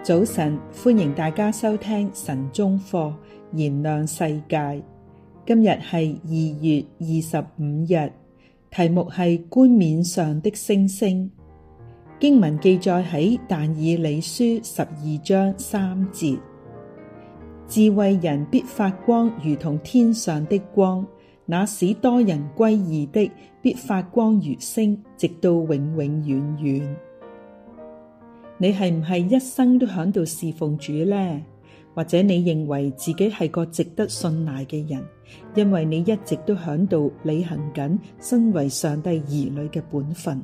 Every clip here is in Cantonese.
早晨，歡迎大家收聽晨鐘課，燃亮世界。今日係二月二十五日，題目係冠冕上的星星。經文記載喺但以理書十二章三節，智慧人必發光，如同天上的光；那使多人歸義的，必發光如星，直到永永遠遠，遠。你係唔係一生都響度侍奉主呢？或者你認為自己係個值得信賴嘅人，因為你一直都響度履行緊身為上帝兒女嘅本分。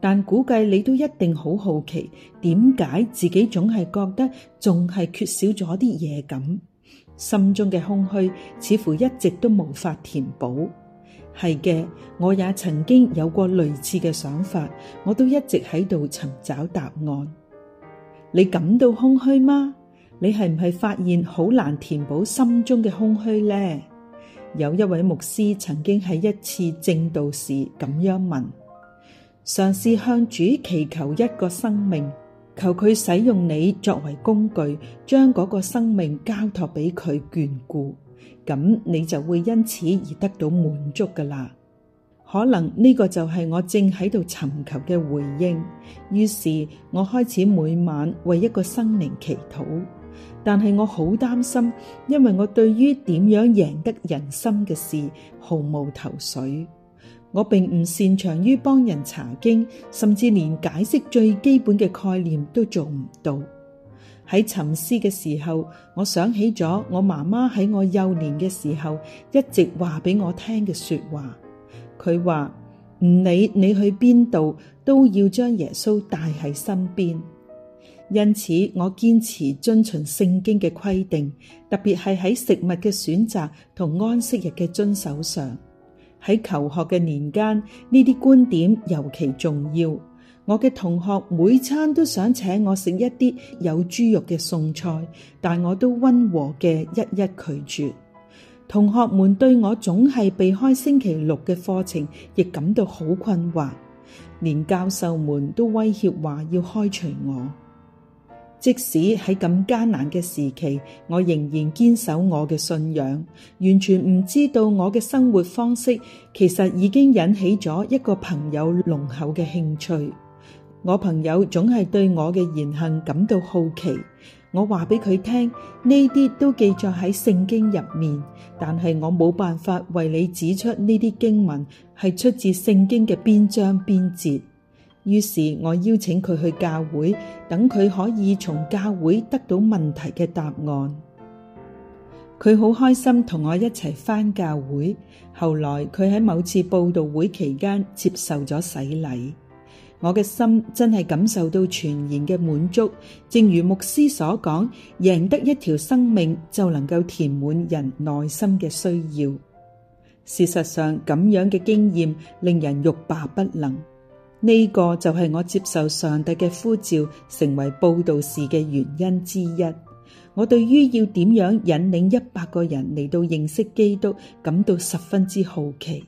但估計你都一定好好奇，點解自己總係覺得仲係缺少咗啲嘢咁，心中嘅空虛似乎一直都無法填補。係嘅，我也曾經有過類似嘅想法，我都一直喺度尋找答案。你感到空虛嗎？你係唔係發現好難填補心中嘅空虛呢？有一位牧師曾經喺一次證道時咁樣問：嘗試向主祈求一個生命，求佢使用你作為工具，將嗰個生命交託俾佢眷顧。咁你就會因此而得到滿足噶啦，可能呢個就係我正喺度尋求嘅回應。於是我開始每晚為一個生靈祈禱，但係我好擔心，因為我對於點樣贏得人心嘅事毫無頭緒。我並唔擅長於幫人查經，甚至連解釋最基本嘅概念都做唔到。喺沉思嘅時候，我想起咗我媽媽喺我幼年嘅時候一直話俾我聽嘅說話。佢話，唔理你去邊度，都要將耶穌帶喺身邊。因此，我堅持遵循聖經嘅規定，特別係喺食物嘅選擇同安息日嘅遵守上。喺求學嘅年間，呢啲觀點尤其重要。我嘅同學每餐都想請我食一啲有豬肉嘅餸菜，但我都温和嘅一一拒絕。同學們對我總係避開星期六嘅課程，亦感到好困惑。連教授們都威脅話要開除我。即使喺咁艱難嘅時期，我仍然堅守我嘅信仰，完全唔知道我嘅生活方式其實已經引起咗一個朋友濃厚嘅興趣。我朋友總係對我嘅言行感到好奇。我話俾佢聽，呢啲都記載喺聖經入面，但係我冇辦法為你指出呢啲經文係出自聖經嘅邊章邊節。於是我邀請佢去教會，等佢可以從教會得到問題嘅答案。佢好開心同我一齊返教會。後來佢喺某次佈道會期間接受咗洗禮。我嘅心真係感受到全然嘅滿足，正如牧師所講，贏得一條生命就能夠填滿人內心嘅需要。事實上，咁樣嘅經驗令人欲罷不能。呢個就係我接受上帝嘅呼召，成為布道士嘅原因之一。我對於要點樣引領一百個人嚟到認識基督，感到十分之好奇。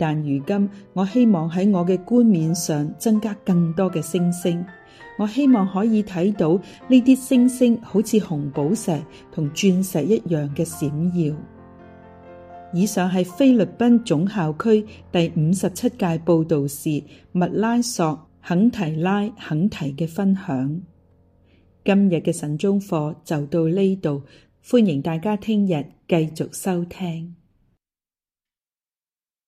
但如今，我希望喺我嘅冠冕上增加更多嘅星星，我希望可以睇到呢啲星星好似紅寶石同鑽石一樣嘅閃耀。以上係菲律賓總校區第五十七屆佈道士，麥拉索肯提拉肯提嘅分享。今日嘅晨鐘課就到呢度，歡迎大家聽日繼續收聽。